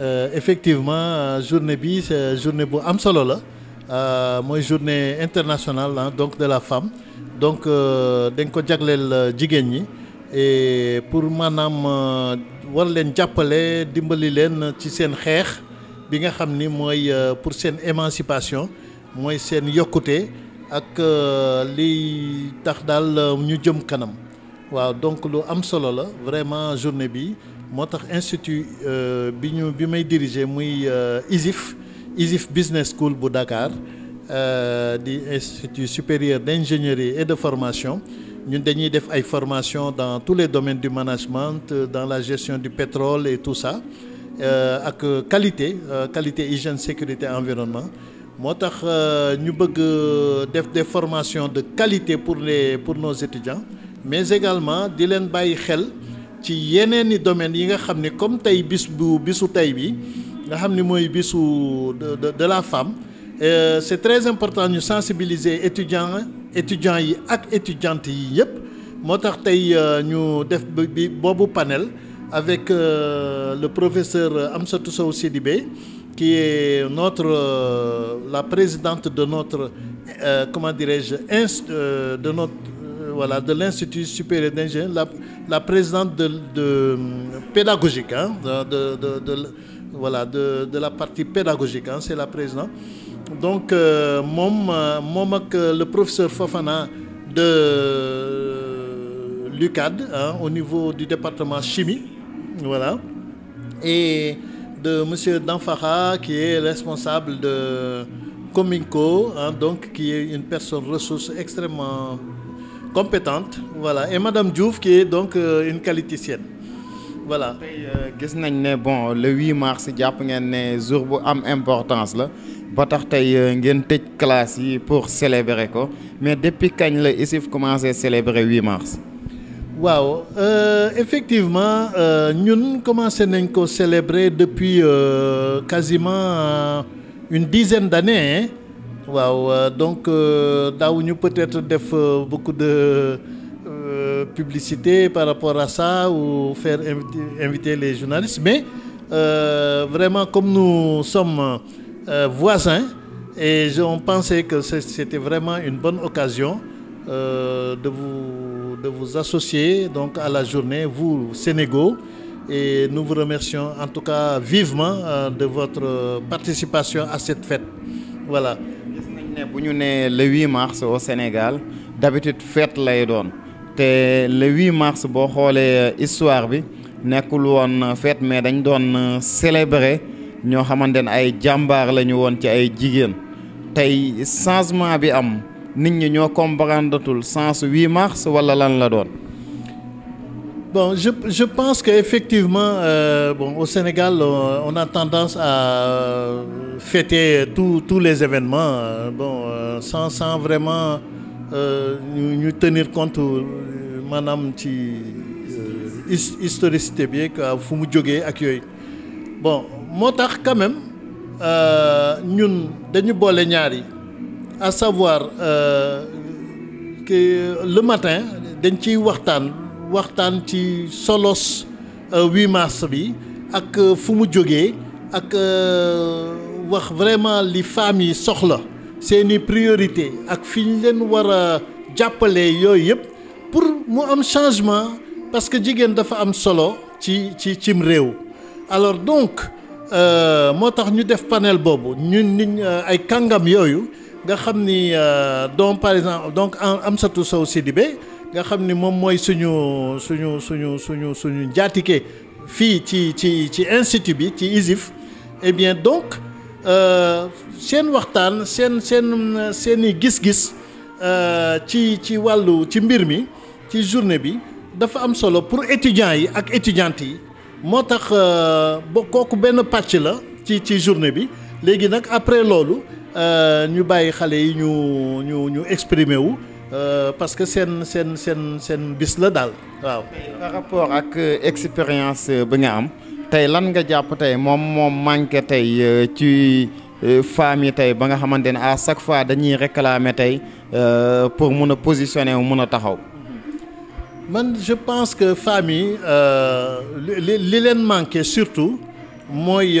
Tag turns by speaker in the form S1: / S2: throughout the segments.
S1: Euh, effectivement euh, journée bi journée bu am solo la euh, mooy journée internationale donc de la femme donc dañ ko jagleel jigéen ñi et pour maanaam war leen jàppale dimbali leen ci seen xeex bi nga xam ni mooy pour seen émancipation mooy seen yokkute ak liy tax daal ñu jëm kanam waaw donc lu am solo la vraiment journée bi moo tax institut euh, bi ñu bi may diriger muy euh, ISIF ISIF Business School bu Dakar euh, di institut supérieur d'ingénierie et de formation ñun dañuy def ay formation dans tous les domaines du management dans la gestion du pétrole et tout ça ak qualité qualité hygiène sécurité environnement moo tax ñu bëgg def des formation de qualité pour les pour nos étudiants mais également di leen bàyyi xel ci yeneen i domaines yi nga xam ni comme tey bis bu bisu tey bi nga xam ni mooy bisu de de la femme euh, c'est très important ñu sensibiliser étudiants étudiants yi ak étudiantes yi yépp moo tax tey euh, ñu def bi boobu panel avec euh, le professeur Amsatou Sow Sidibé qui est notre la présidente de notre comment dirais-je inst de notre voilà, de l'Institut supérieur d'ingénieurs, la, la, présidente de, de pédagogique, hein, de, de, voilà, de, la partie pédagogique, hein, c'est la présidente. Donc, euh, mom, euh, euh, le professeur Fofana de euh, l'UCAD, hein, au niveau du département chimie, voilà, et de M. Danfara, qui est responsable de Cominco, donc qui est une personne ressource extrêmement compétente voilà et madame Diouf qui est donc euh, une qualiticienne voilà. tey euh, gis
S2: nañ ne bon le 8 mars jàpp ngeen ne jour bu am importance la ba tax tey euh, ngeen tëj classe yi pour célébrer ko mais depuis kañ la ISIF commencé célébrer 8 mars.
S1: waaw euh, effectivement ñun euh, commencé nañ ko célébrer depuis euh, quasiment une dizaine d'années hein? waaw euh, donc euh, daawuñu peut-être def euh, beaucoup de publicité par rapport à ça ou faire inviter, inviter les journalistes mais euh, vraiment comme nous sommes euh, voisins et on pensait que c'était vraiment une bonne occasion euh, de vous de vous associer donc à la journée vous Sénégal et nous vous remercions en tout cas vivement de votre participation à cette fête voilà
S2: bu ñu nee le 8 mars au Sénégal d'habitude fête lay doon te le 8 mars boo xoolee euh, histoire bi nekkul woon euh, fête mais dañ doon euh, célébrer ñoo xamante ne ay jàmbaar la ñu woon ci ay jigéen tey changement bi am nit ñi ñoo comprendre tul sens 8 mars wala lan la doon.
S1: Bon, je, je pense qu'effectivement, euh, bon, au Sénégal, on, on, a tendance à fêter tous les événements euh, bon, euh, sans, sans vraiment euh, ñu tenir compte, madame, ci euh, historicité bi ak fu mu jógee ak yooyu. Bon, moo tax quand même ñun dañu boole ñaari à savoir que le matin dañ ciy waxtaan. waxtaan ci solos 8 euh, bi ak euh, fu mu jógee ak euh, wax vraiment li femmes yi soxla seeni priorité ak fi ñu leen war a jàppale yooyu yëpp pour mu am changement parce que jigéen dafa am solo ci ci cim réew alors donc moo tax ñu def panel boobu ñun nit ay kàngam yooyu nga xam ni donc par exemple donc Amsatou Sow Sidibé nga xam ni moom mooy suñu suñu suñu suñu suñu njaatige fii ci ci ci institut bi ci ISIF et eh bien donc euh, seen waxtaan seen seen seeni gis-gis euh, ci ci wàllu ci mbir mi ci journée bi dafa am solo pour étudiants yi ak étudiantes yi moo tax euh, ba kooku benn pàcc la ci ci journée bi léegi nag après loolu ñu bàyyi xale yi ñu ñu ñu exprimer wu Euh, parce que seen seen seen seen bis la daal
S2: waaw. par rapport ak euh, expérience euh, ba nga am tey lan nga jàpp tey moom moom manqué tey ci femmes yi tey ba nga xamante ne à chaque fois dañuy réclamer tey pour mun a positionner wu mun a taxaw.
S1: man je pense que femmes yi li li leen manqué surtout mooy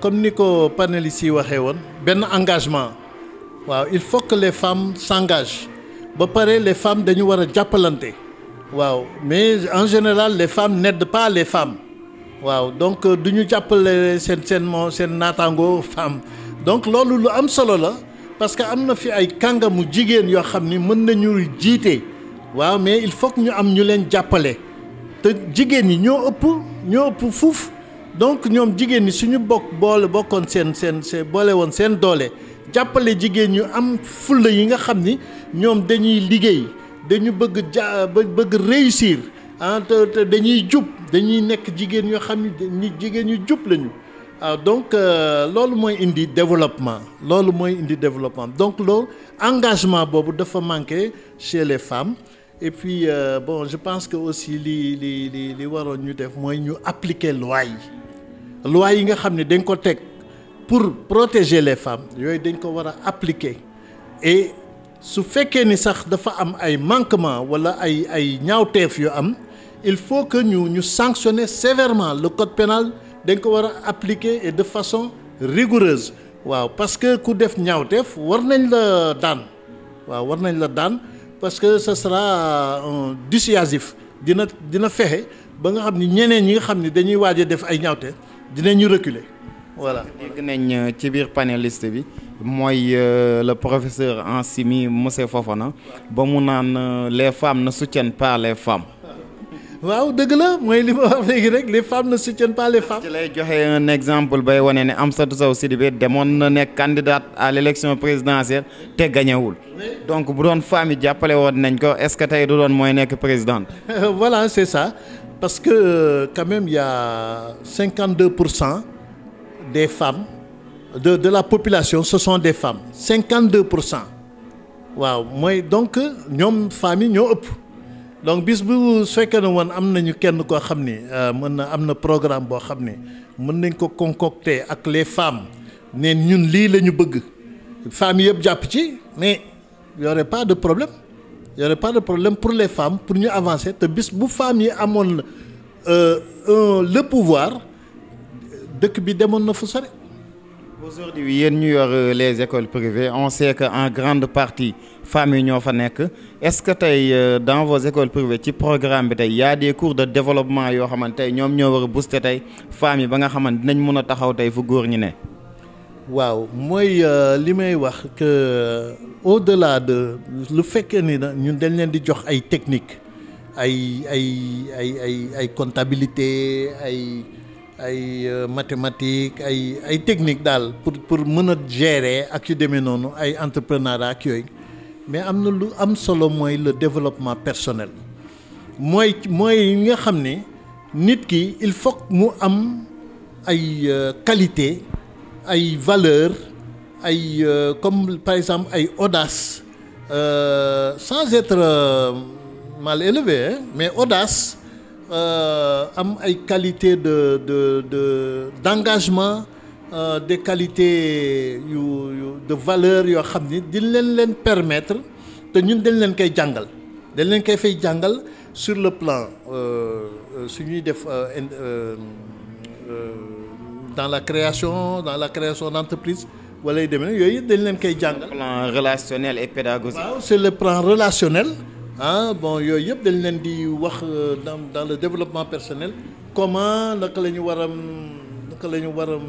S1: comme ni ko panélistes yi waxee woon benn engagement waaw il faut que les femmes sangage ba pare le femmes dañu war a jàppalante waaw mais en général les femmes n'aident pas les femmes waaw donc euh, du ñu jàppale seen seen moo seen naataango femme donc loolu lu am solo la parce que am na fi ay kàngamu jigéen yoo xam ni mën nañu jiite waaw mais il faut ñu am ñu leen jàppale te jigéen ñi ñoo ëpp ñoo ëpp fuuf donc ñoom jigéen ñi suñu bokk boole bokkoon seen seen seen boole woon seen doole jàppale jigéen ñu am fulla yi nga xam ni ñoom dañuy liggéey dañu bëgg ba bëgg réussir ah te dañuy jub dañuy nekk jigéen ñoo xam ni jigéen ñu jub lañu waaw ah, donc euh, loolu mooy indi développement loolu mooy indi développement donc loolu engagement boobu dafa manqué chez les femmes et puis euh, bon je pense que aussi li li li li waroon ñu def mooy ñu appliquer loi yi loi yi nga xam ne dañ ko teg. pour protéger les femmes yooyu dañ ko war a appliquer et su fekkee ni sax dafa am ay manquement wala ay ay ñaawteef yu am il faut que ñu ñu sanctionner sévèrement le code pénal dañ ko war a appliquer et de façon rigoureuse waaw parce que ku def ñaawteef war nañ la daan waaw war nañ la daan parce que ce sera euh, un dina dina fexe ba nga xam ni ñeneen ñi nga xam ni dañuy waaj a def ay ñaawteef ñu reculer
S2: voilà dégg nañ euh, ci biir panéliste bi mooy euh, le professeur en chimie monsieur Fofana ba mu naan euh, les femmes ne soutiennent pas les femmes.
S1: waaw dëgg la mooy li ma wax léegi rek les femmes ne soutiennent pas les femmes. ci
S2: lay joxe un exemple bay wane ne Amsatou Sow Sidibé demoon na nekk candidate à l' élection présidentielle te gañewul donc bu doon femmes yi jàppale woon nañ ko est ce que tey du doon mooy nekk présidente.
S1: voilà c' est ça parce que quand même cent. des femmes de de la population ce sont des femmes 52 pour cent waaw mooy donc ñoom femmes yi ñoo ëpp donc bis bu sekkee na ne woon am nañu kenn koo xam ni euh, mën na am na programme boo xam ni mën nañ ko concocter ak les femmes neen ñun lii la ñu bëgg femmes yëpp jàpp ci mais y aurait pas de problèmes y aurait pas de problème pour les femmes pour ñu avancer te bis bu femmes yi amoon euh, le pouvoir. dëkk bi demoon na fu sore
S2: aujourd'hui yéen ñu yor euh, les écoles privées on sait que en grande partie femmes yi ñoo fa nekk est-ce que tey euh, dans vos écoles privées ci programme bi tey yaa a des cours de développement yoo xamante tey ñoom ñoo war a booster tey femmes yi ba nga xamante dinañ mën a taxaw tey fu góor ñi ne.
S1: waaw mooy euh, li may wax que au-delà de lu fekkee ni na ñun dañ leen di jox ay techniques ay ay ay ay ay comptabilité ay. ay euh, mathématiques ay ay technique daal pour pour mën a gérer ak yu demee noonu ay entrepreneuriat ak yooyu mais am na lu am solo mooy le développement personnel mooy mooy nga xam ne nit ki il faut mu am ay euh, qualité ay valeur ay euh, comme par exemple ay audace sans être mal élevé mais audace Euh, am ay qualité de de de d'engagement euh, des qualités yu yu de valeur yoo xam ni di leen leen permettre te ñun dañ leen koy jàngal dañ leen koy fay jàngal sur le plan euh, euh, su ñuy def dans la création dans la création d'entreprise wala yu demee yooyu dañ leen koy jàngal. plan relationnel et pédagogique. waaw le plan relationnel. ah bon yooyu yëpp dañ leen di wax euh, dans dans le développement personnel comment naka la ñu war a naka la ñu war a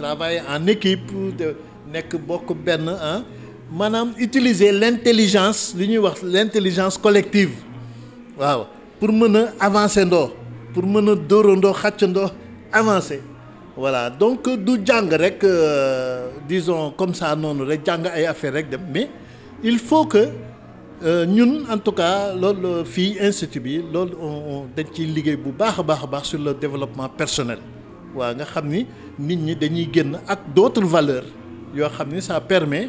S1: travailler en équipe de nekk bokk benn ah maanaam utiliser l'intelligence li ñuy wax l'intelligence collective waaw pour mën a avancer ndoo pour mën a dóora ndox dóorandoo ndox avancer voilà donc du jàng rek euh, disons comme ça noonu rek jàng ay affaire rek dem mais il faut que Euh, ñun en tout cas loolu fii institut bi loolu on dañ ciy liggéey bu baax a baax a baax sur la développement personnel waa nga xam ni nit ñi dañuy génn ak dootul valeur yoo xam ni ça permet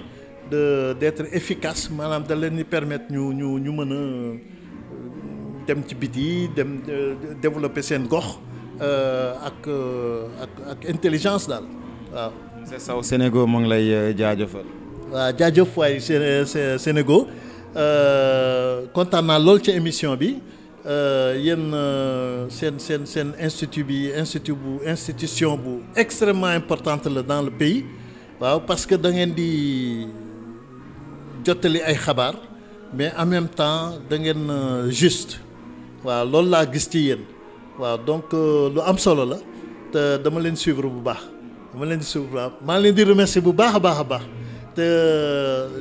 S1: de detre efficace maanaam da leen di permettre ñu ñu ñu mën a euh, dem ci biti dem développer seen gox euh, ak ak ak intelligence daal waaw. monsieur Sow
S2: Sénégal mu ngi lay jaajëfal.
S1: waaw jaajëf waay Sénégal. Euh, kontaan naa lool ci émission bi euh, yéen euh, seen seen seen institut bi institut bu institution bu extrêmement importante la dans le pays waaw parce que da ngeen di jottali ay xabaar mais en même temps da ngeen juste waaw loolu laa gis ci yéen waaw donc lu am solo la te dama leen suivre bu baax dama leen di suivre bu baax leen di remercier bu baax a baax a baax. te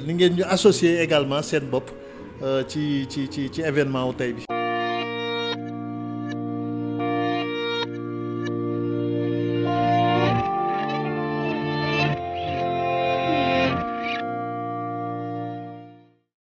S1: li ngeen ñu associé également seen bopp euh, ci ci ci ci événement wu tey bi.